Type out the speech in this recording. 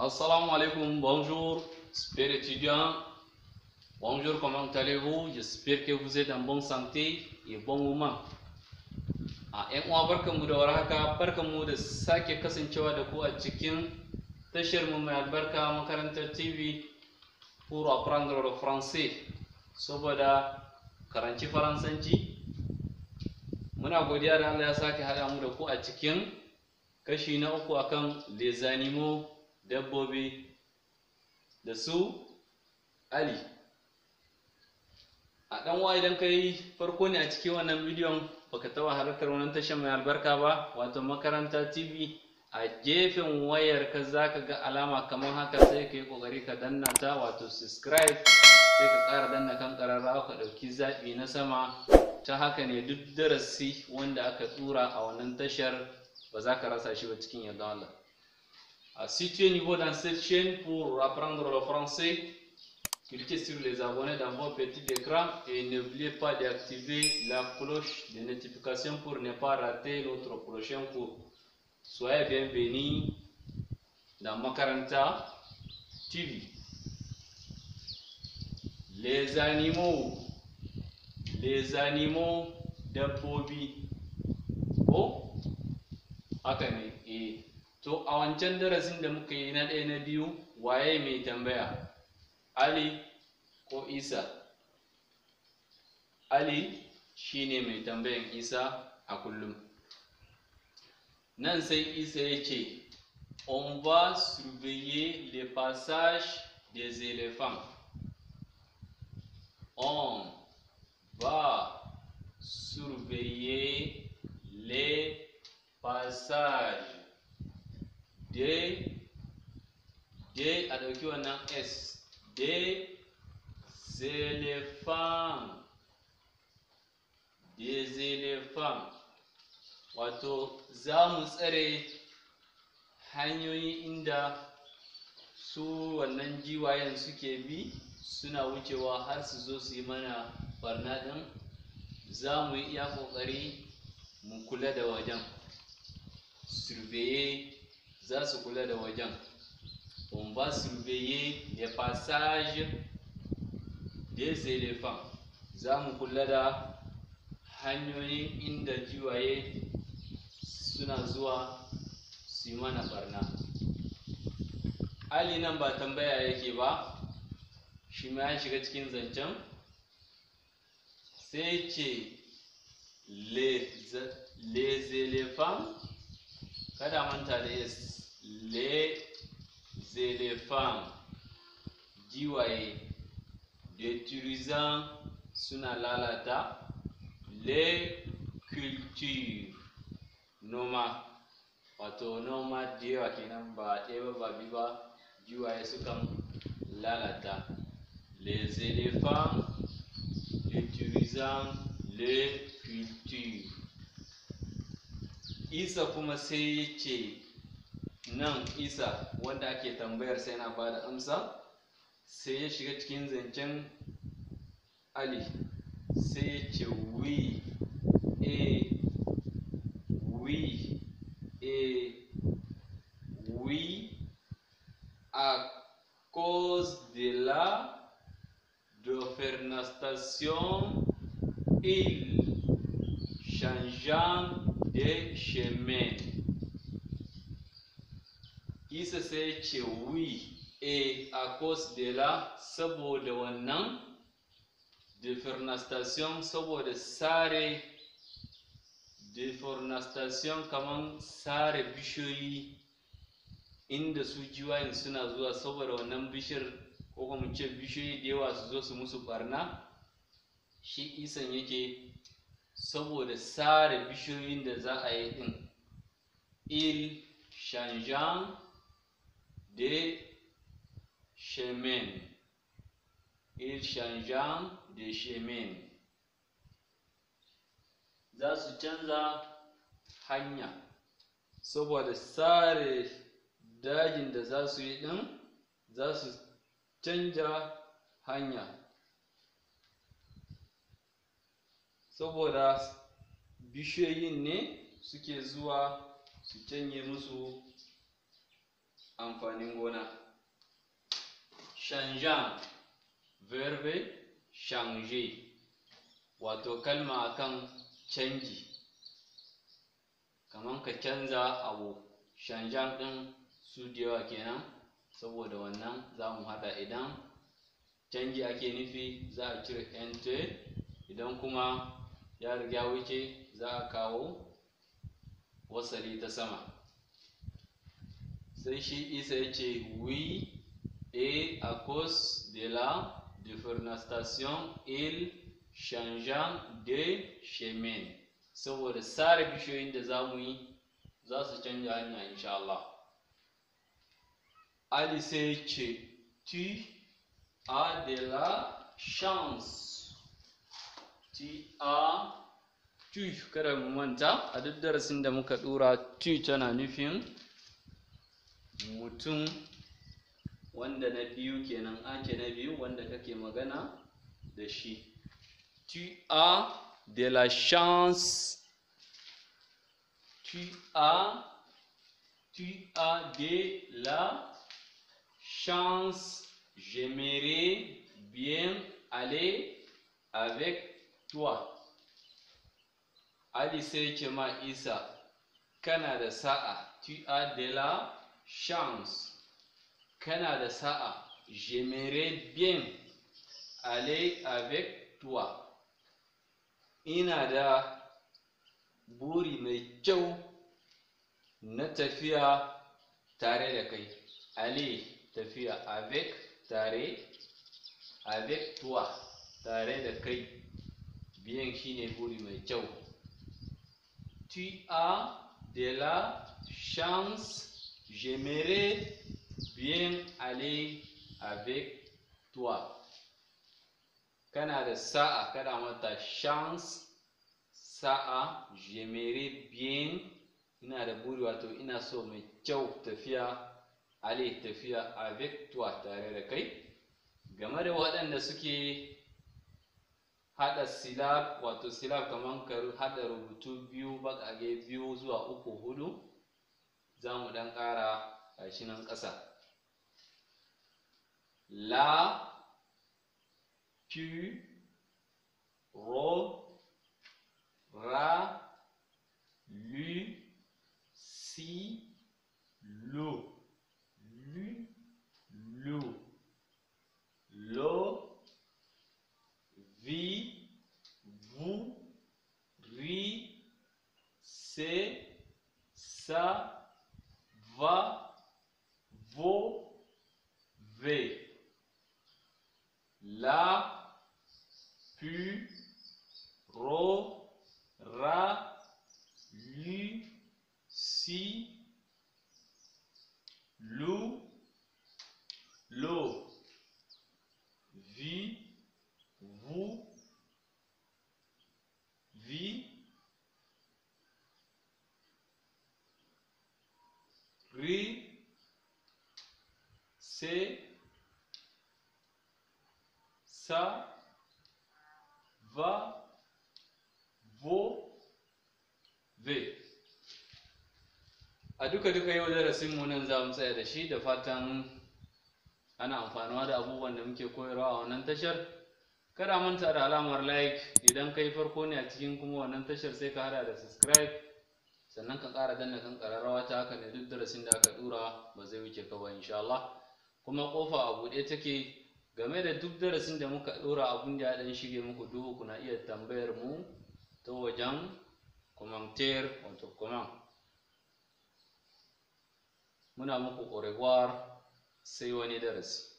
Assalamu alaikum, bonjour, super étudiant. Bonjour, comment allez-vous? J'espère que vous êtes en bonne santé et bon moment. A ah, ‘yan uwa barkanmu da warhaka, barkanmu da sake kasancewa da ku a cikin tashar mu mai albarka makarantar TV pour apprendre le français saboda karanci faransanci. Muna godiya da Allah ya sake haɗa mu da ku a cikin kashi na uku akan les animaux dabbobi da su ali a ɗan wa idan yi farko ne a cikin wannan bidiyon baka taɓa halartar wannan tashar mai albarka ba wato makaranta tv a gefen wayar ka zaka ga alama kamar haka sai ka yi kokari ka danna ta wato subscribe sai ka ƙara danna kan ƙararrawa ka ɗauki zaɓi na sama ta haka ne duk darasi wanda aka tura a wannan tashar ba za ka rasa shi ba cikin yadda Allah Ah, si tu es nouveau dans cette chaîne pour apprendre le français, cliquez sur les abonnés dans vos petit écran et n'oubliez pas d'activer la cloche de notification pour ne pas rater notre prochain cours. Soyez bienvenus dans Macaranta TV. Les animaux, les animaux d'improvis. Oh, attendez. so a wancan darasin da muka yi na ɗaya na biyu waye mai tambaya ali ko isa ali ne mai tambayan isa a kullum nan sai isa ya ce on va surveiller le passage des éléphants on va surveiller les passages d d a ɗauki wannan s d zelefam d zelefam wato za mu tsare hanyoyi inda su wannan giwayen suke bi suna wucewa har su zo su yi mana barna ɗin za mu yi iya ƙoƙari mu kula da wajen surveye za su kula da wajen on va surveiller les passages des éléphants za mu kula da hanyoyin inda jiwaye suna zuwa su yi mana barna ali nan ba tambaya yake ba shi ma ya shiga cikin zancen sai ce les éléphants kada manta da yes les éléphants giwaye destruisant suna lalata les cultures noma wato noma da yawa kenan ba a ɗaya ba bi ba giwaye sukan lalata les éléphants destruisant les cultures isa kuma sai ya ce nan isa wanda ake tambayar sai na bada amsa sai ya shiga cikin zancen ali sai ya ce wi e wi e wi a cause de la d'ofernastation il changea de chemin isa sai ce wi e a cause de la saboda wannan defornastation saboda sare defornastation kaman sare bishiyoyi inda su jiwayen suna zuwa saboda wannan bishir ko kuma ce bishiyoyi da yawa su zo su musu barna shi isan yake saboda sare bishiyoyin da za a yi din il shanjan de chemin. Il changea de chemin. Za su canza hanya. Saboda sare dajin da za su yi ɗin, za su canja hanya. Saboda bishiyoyin ne suke zuwa su canye musu amfanin gona shanjan verbe shanje, wato kalma akan canji kamar ka canza abu shanjan ɗin su da yawa kenan saboda wannan za mu haɗa idan canji ake nufi za a cire ente idan kuma ya riga wuce za a kawo wasali ta sama sai shi isa ya ce oui et a cause de la déforestation il changea de chemin saboda sare bishiyoyin da za mu yi za su canja hanya insha Allah Ali sai ya ce tu a de la chance tu a tu kada mu manta a duk darasin da muka dura tu tana nufin mutum wanda na biyu kenan ake na biyu wanda kake magana da shi tu as de la chance tu as tu as de la chance j'aimerais bien aller avec toi Ali sai ce Isa kana da sa'a tu as de la chance kana da sa'a j'aimerais bien aller avec toi ina da buri mai kyau na tafiya tare da kai ale tafiya avec tare avec toi tare da kai biyan shine buri mai kyau tu as de la chance J'aimerais bien aller avec toi. Kana da sa'a kada mata chance sa'a j'aimerais bien ina da buri wato ina so mai kyau tafiya ale tafiya avec toi tare da kai game da waɗanda suke haɗa silab wato silab kamar ka haɗa rubutu biyu baƙaƙe biyu zuwa uku hudu zamu dan kara gashi nan la tu ro ra lu si lo lu lo lo vi ri se sa va vo ve a duka duka yau darasin mu nan za mu tsaya da shi da fatan ana amfanuwa da abubuwan da muke koyarwa a wannan tashar kada manta da alamar like idan kai farko ne a cikin kuma wannan tashar sai ka hada da subscribe sannan ka ƙara danna kan ƙararrawa ta haka ne duk darasin da aka ɗura ba zai wuce ka ba insha Allah kuma kofa a buɗe take game da duk darasin da muka dora abun da ya dan shige muku duhu kuna iya tambayar mu ta wajen commentaire wato comment muna muku au sai wani darasi